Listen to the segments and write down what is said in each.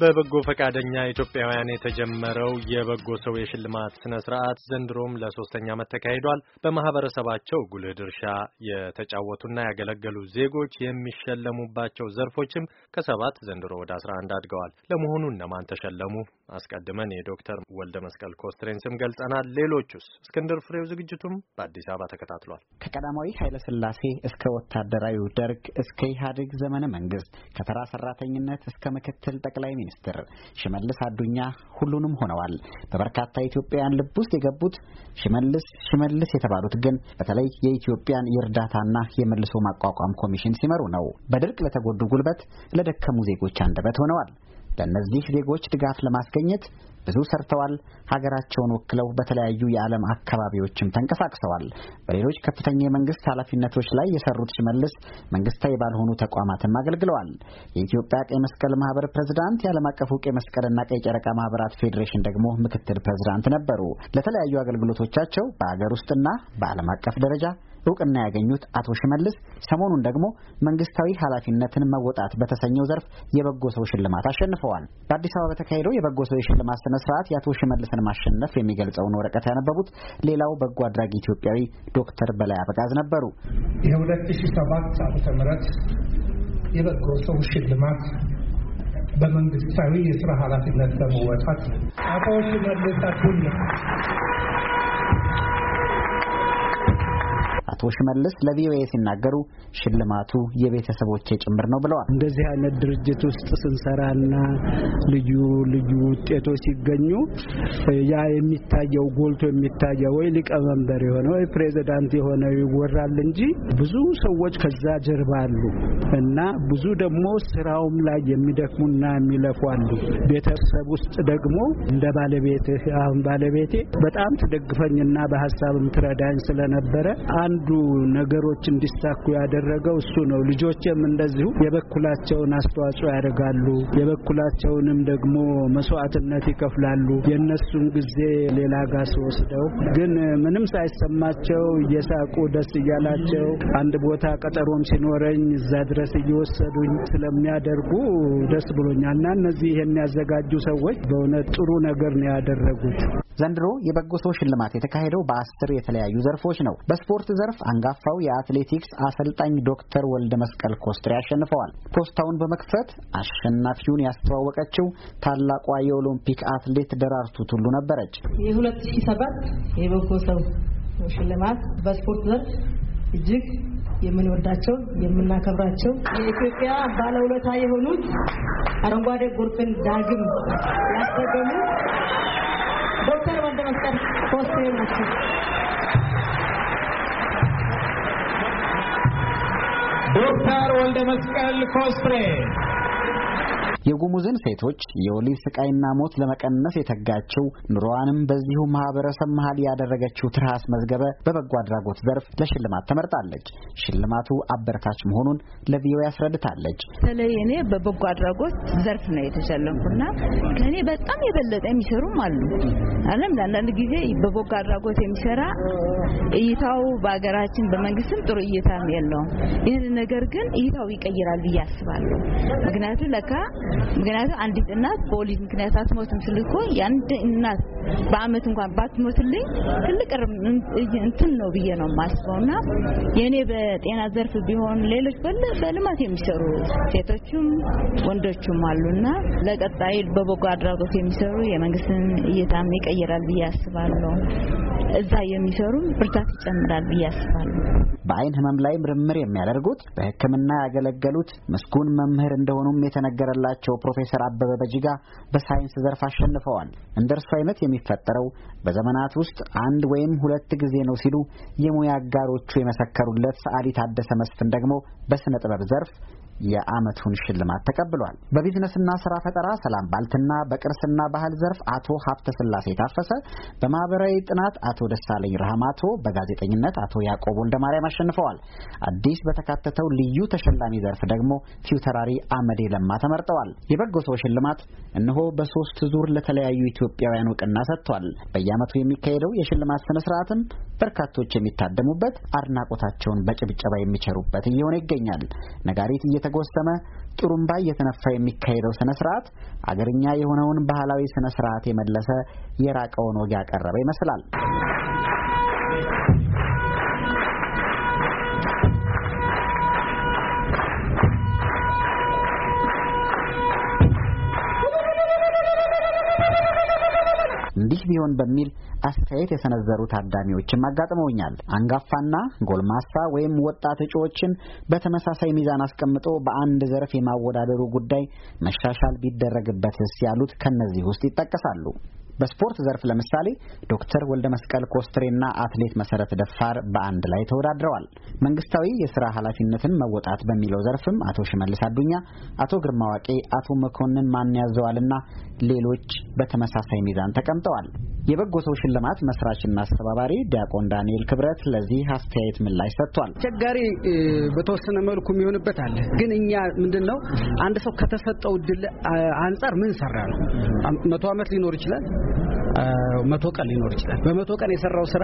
በበጎ ፈቃደኛ ኢትዮጵያውያን የተጀመረው የበጎ ሰው የሽልማት ስነ ስርዓት ዘንድሮም ለሶስተኛ ዓመት ተካሂዷል። በማህበረሰባቸው ጉልህ ድርሻ የተጫወቱና ያገለገሉ ዜጎች የሚሸለሙባቸው ዘርፎችም ከሰባት ዘንድሮ ወደ አስራ አንድ አድገዋል። ለመሆኑ እነማን ተሸለሙ? አስቀድመን የዶክተር ወልደ መስቀል ኮስትሬን ስም ገልጸናል። ሌሎቹስ? እስክንድር ፍሬው ዝግጅቱም በአዲስ አበባ ተከታትሏል። ከቀዳማዊ ስላሴ እስከ ወታደራዊው ደርግ እስከ ኢህአዴግ ዘመነ መንግስት ከተራ ሰራተኝነት እስከ ምክትል ጠቅላይ ሚኒስትር ሽመልስ አዱኛ ሁሉንም ሆነዋል። በበርካታ ኢትዮጵያውያን ልብ ውስጥ የገቡት ሽመልስ ሽመልስ የተባሉት ግን በተለይ የኢትዮጵያን የእርዳታና የመልሶ ማቋቋም ኮሚሽን ሲመሩ ነው። በድርቅ ለተጎዱ ጉልበት፣ ለደከሙ ዜጎች አንደበት ሆነዋል። ለእነዚህ ዜጎች ድጋፍ ለማስገኘት ብዙ ሰርተዋል። ሀገራቸውን ወክለው በተለያዩ የዓለም አካባቢዎችም ተንቀሳቅሰዋል። በሌሎች ከፍተኛ የመንግስት ኃላፊነቶች ላይ የሰሩት ሽመልስ መንግስታዊ ባልሆኑ ተቋማትም አገልግለዋል። የኢትዮጵያ ቀይ መስቀል ማህበር ፕሬዝዳንት፣ የዓለም አቀፉ ቀይ መስቀልና ቀይ ጨረቃ ማህበራት ፌዴሬሽን ደግሞ ምክትል ፕሬዝዳንት ነበሩ። ለተለያዩ አገልግሎቶቻቸው በአገር ውስጥና በዓለም አቀፍ ደረጃ እውቅና ያገኙት አቶ ሽመልስ ሰሞኑን ደግሞ መንግስታዊ ኃላፊነትን መወጣት በተሰኘው ዘርፍ የበጎ ሰው ሽልማት አሸንፈዋል። በአዲስ አበባ በተካሄደው የበጎ ሰው የሽልማት ስነ ስርዓት የአቶ ሽመልስን ማሸነፍ የሚገልጸውን ወረቀት ያነበቡት ሌላው በጎ አድራጊ ኢትዮጵያዊ ዶክተር በላይ አበጋዝ ነበሩ። የ2007 ም የበጎ ሰው ሽልማት በመንግስታዊ የስራ ኃላፊነት ለመወጣት አቶ ሽመልስ አቱኛ አቶ ሽመልስ ለቪኦኤ ሲናገሩ ሽልማቱ የቤተሰቦቼ ጭምር ነው ብለዋል። እንደዚህ አይነት ድርጅት ውስጥ ስንሰራና ልዩ ልዩ ውጤቶች ሲገኙ ያ የሚታየው ጎልቶ የሚታየው ወይ ሊቀመንበር የሆነ ወይ ፕሬዚዳንት የሆነ ይወራል እንጂ ብዙ ሰዎች ከዛ ጀርባ አሉ እና ብዙ ደግሞ ስራውም ላይ የሚደክሙና የሚለፉ አሉ። ቤተሰብ ውስጥ ደግሞ እንደ ባለቤት አሁን ባለቤቴ በጣም ትደግፈኝና በሀሳብም ትረዳኝ ስለነበረ አንድ ብዙ ነገሮች እንዲሳኩ ያደረገው እሱ ነው። ልጆችም እንደዚሁ የበኩላቸውን አስተዋጽኦ ያደርጋሉ። የበኩላቸውንም ደግሞ መስዋዕትነት ይከፍላሉ። የእነሱን ጊዜ ሌላ ጋር ወስደው ግን ምንም ሳይሰማቸው እየሳቁ ደስ እያላቸው አንድ ቦታ ቀጠሮም ሲኖረኝ እዛ ድረስ እየወሰዱኝ ስለሚያደርጉ ደስ እና እነዚህ የሚያዘጋጁ ሰዎች በእውነት ጥሩ ነገር ነው ያደረጉት። ዘንድሮ የበጎ ሰው ሽልማት የተካሄደው በአስር የተለያዩ ዘርፎች ነው። በስፖርት ዘርፍ አንጋፋው የአትሌቲክስ አሰልጣኝ ዶክተር ወልደ መስቀል ኮስትሬ አሸንፈዋል። ፖስታውን በመክፈት አሸናፊውን ያስተዋወቀችው ታላቋ የኦሎምፒክ አትሌት ደራርቱ ቱሉ ነበረች። የሁለት ሺ ሰባት የበጎ ሰው ሽልማት በስፖርት ዘርፍ እጅግ የምንወዳቸው የምናከብራቸው የኢትዮጵያ ባለውለታ የሆኑት አረንጓዴ ጎርፍን ዳግም ያስደገሙ Gostei, ዶክተር ወልደ መስቀል ኮስትሬ የጉሙዝን ሴቶች የወሊድ ስቃይና ሞት ለመቀነስ የተጋችው ኑሮዋንም በዚሁ ማህበረሰብ መሀል ያደረገችው ትርሃስ መዝገበ በበጎ አድራጎት ዘርፍ ለሽልማት ተመርጣለች። ሽልማቱ አበረታች መሆኑን ለቪኦኤ ያስረድታለች። በተለይ እኔ በበጎ አድራጎት ዘርፍ ነው የተሸለምኩና ከእኔ በጣም የበለጠ የሚሰሩም አሉ። አለም ለአንዳንድ ጊዜ በበጎ አድራጎት የሚሰራ እይታው በሀገራችን በመንግስትም ጥሩ እይታ የለውም። ይህን ነገር ግን እይታው ይቀይራል ብዬ አስባለሁ። ምክንያቱም ለካ ምክንያቱም አንዲት እናት በወሊድ ምክንያት አትሞትም ስልኮ የአንድ እናት በአመት እንኳን ባትሞትልኝ ትልቅ እንትን ነው ብዬ ነው የማስበው። እና የእኔ በጤና ዘርፍ ቢሆን ሌሎች በልማት የሚሰሩ ሴቶችም ወንዶችም አሉና ለቀጣይ በበጎ አድራጎት የሚሰሩ የመንግስትን እይታም ይቀይራል ብዬ አስባለሁ። እዛ የሚሰሩም ብርታት ይጨምራል ብዬ አስባለሁ። በአይን ህመም ላይ ምርምር የሚያደርጉት በሕክምና ያገለገሉት ምስጉን መምህር እንደሆኑም የተነገረላቸው ፕሮፌሰር አበበ በጂጋ በሳይንስ ዘርፍ አሸንፈዋል። እንደ እርሱ አይነት የሚፈጠረው በዘመናት ውስጥ አንድ ወይም ሁለት ጊዜ ነው ሲሉ የሙያ አጋሮቹ የመሰከሩለት ሰዓሊ ታደሰ መስፍን ደግሞ በሥነ ጥበብ ዘርፍ የዓመቱን ሽልማት ተቀብሏል። በቢዝነስና ስራ ፈጠራ ሰላም ባልትና፣ በቅርስና ባህል ዘርፍ አቶ ሀብተ ስላሴ ታፈሰ፣ በማህበራዊ ጥናት አቶ ደሳለኝ ረህማቶ፣ በጋዜጠኝነት አቶ ያዕቆብ ወልደማርያም አሸንፈዋል። አዲስ በተካተተው ልዩ ተሸላሚ ዘርፍ ደግሞ ፊውተራሪ አመዴ ለማ ተመርጠዋል። የበጎ ሰው ሽልማት እነሆ በሶስት ዙር ለተለያዩ ኢትዮጵያውያን እውቅና ሰጥቷል። በየዓመቱ የሚካሄደው የሽልማት ስነ ስርዓትም በርካቶች የሚታደሙበት አድናቆታቸውን በጭብጨባ የሚቸሩበት እየሆነ ይገኛል። ነጋሪት እየተ እየተጎሰመ ጡሩምባ እየተነፋ የሚካሄደው ስነ ስርዓት አገርኛ የሆነውን ባህላዊ ስነ ስርዓት የመለሰ የራቀውን ወግ ያቀረበ ይመስላል። ቢሆን በሚል አስተያየት የሰነዘሩ ታዳሚዎችም አጋጥመውኛል። አንጋፋና ጎልማሳ ወይም ወጣት እጩዎችን በተመሳሳይ ሚዛን አስቀምጦ በአንድ ዘርፍ የማወዳደሩ ጉዳይ መሻሻል ቢደረግበትስ ያሉት ከነዚህ ውስጥ ይጠቀሳሉ። በስፖርት ዘርፍ ለምሳሌ ዶክተር ወልደ መስቀል ኮስትሬና አትሌት መሰረት ደፋር በአንድ ላይ ተወዳድረዋል። መንግስታዊ የስራ ኃላፊነትን መወጣት በሚለው ዘርፍም አቶ ሽመልስ አዱኛ፣ አቶ ግርማ ዋቄ፣ አቶ መኮንን ማን ያዘዋልና ሌሎች በተመሳሳይ ሚዛን ተቀምጠዋል። የበጎ ሰው ሽልማት መስራችና አስተባባሪ ዲያቆን ዳንኤል ክብረት ለዚህ አስተያየት ምላሽ ሰጥቷል። አስቸጋሪ በተወሰነ መልኩ የሚሆንበት አለ። ግን እኛ ምንድን ነው አንድ ሰው ከተሰጠው ድል አንጻር ምን ሰራ ነው። መቶ ዓመት ሊኖር ይችላል uh, ስራው መቶ ቀን ሊኖር ይችላል። በመቶ ቀን የሰራው ስራ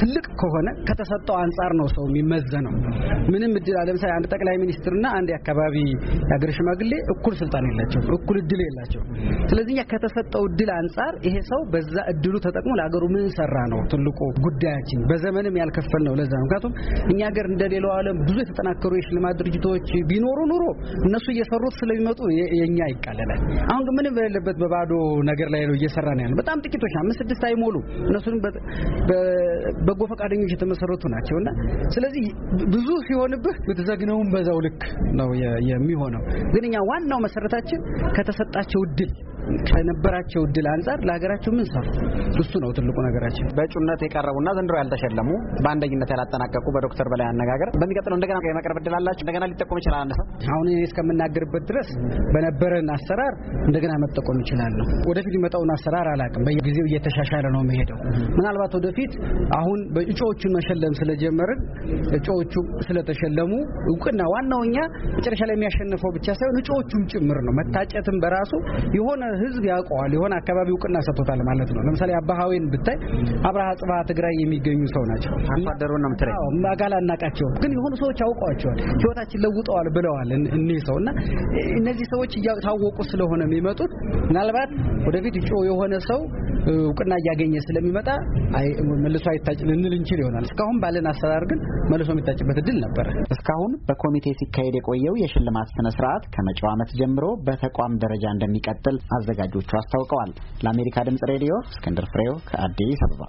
ትልቅ ከሆነ ከተሰጠው አንጻር ነው ሰው የሚመዘነው። ምንም እድል ለምሳሌ አንድ ጠቅላይ ሚኒስትርና አንድ የአካባቢ የአገር ሽማግሌ እኩል ስልጣን የላቸው፣ እኩል እድል የላቸው። ስለዚህ ከተሰጠው እድል አንጻር ይሄ ሰው በዛ እድሉ ተጠቅሞ ለሀገሩ ምን ሰራ ነው ትልቁ ጉዳያችን። በዘመንም ያልከፈል ነው ለዛ። ምክንያቱም እኛ ሀገር እንደሌላው ዓለም ብዙ የተጠናከሩ የሽልማት ድርጅቶች ቢኖሩ ኑሮ እነሱ እየሰሩት ስለሚመጡ የኛ ይቃለላል። አሁን ግን ምንም በሌለበት በባዶ ነገር ላይ ነው እየሰራ ነው ያለ። በጣም ጥቂቶች አምስት ስድስት አይሞሉ እነሱ በጎ ፈቃደኞች የተመሰረቱ ናቸውና ስለዚህ ብዙ ሲሆንብህ ብትዘግነውም በዛው ልክ ነው የሚሆነው። ግን እኛ ዋናው መሰረታችን ከተሰጣቸው እድል ከነበራቸው እድል አንጻር ለሀገራቸው ምን ሰሩ? እሱ ነው ትልቁ ነገራችን። በእጩነት የቀረቡና ዘንድሮ ያልተሸለሙ በአንደኝነት ያላጠናቀቁ በዶክተር በላይ አነጋገር በሚቀጥለው እንደገና የመቅረብ እድል አላቸው። እንደገና ሊጠቆም ይችላል። አነሰ አሁን አሁን እስከምናገርበት ድረስ በነበረን አሰራር እንደገና መጠቆም ይችላል ነው። ወደፊት የሚመጣውን አሰራር አላውቅም። በየጊዜው እየተሻሻለ ነው መሄደው። ምናልባት ወደፊት አሁን በእጩዎቹን መሸለም ስለጀመርን እጩዎቹ ስለተሸለሙ እውቅና ዋናው እኛ መጨረሻ ላይ የሚያሸንፈው ብቻ ሳይሆን እጩዎቹም ጭምር ነው። መታጨትም በራሱ የሆነ ህዝብ ያውቀዋል፣ የሆነ አካባቢ እውቅና ሰጥቶታል ማለት ነው። ለምሳሌ አባሃዊን ብታይ አብርሃ ጽባህ ትግራይ የሚገኙ ሰው ናቸው። አምባደሩን ነው ትግራይ አጋላ አናቃቸው፣ ግን የሆኑ ሰዎች አውቀዋቸዋል፣ ህይወታችን ለውጠዋል ብለዋል እኒህ ሰው እና እነዚህ ሰዎች እያታወቁ ስለሆነ የሚመጡት ምናልባት ወደፊት እጩ የሆነ ሰው እውቅና እያገኘ ስለሚመጣ መልሶ አይታጭ ልንል እንችል ይሆናል። እስካሁን ባለን አሰራር ግን መልሶ የሚታጭበት እድል ነበር። እስካሁን በኮሚቴ ሲካሄድ የቆየው የሽልማት ስነ ስርዓት ከመጪው ዓመት ጀምሮ በተቋም ደረጃ እንደሚቀጥል አዘጋጆቹ አስታውቀዋል። ለአሜሪካ ድምጽ ሬዲዮ እስክንድር ፍሬው ከአዲስ አበባ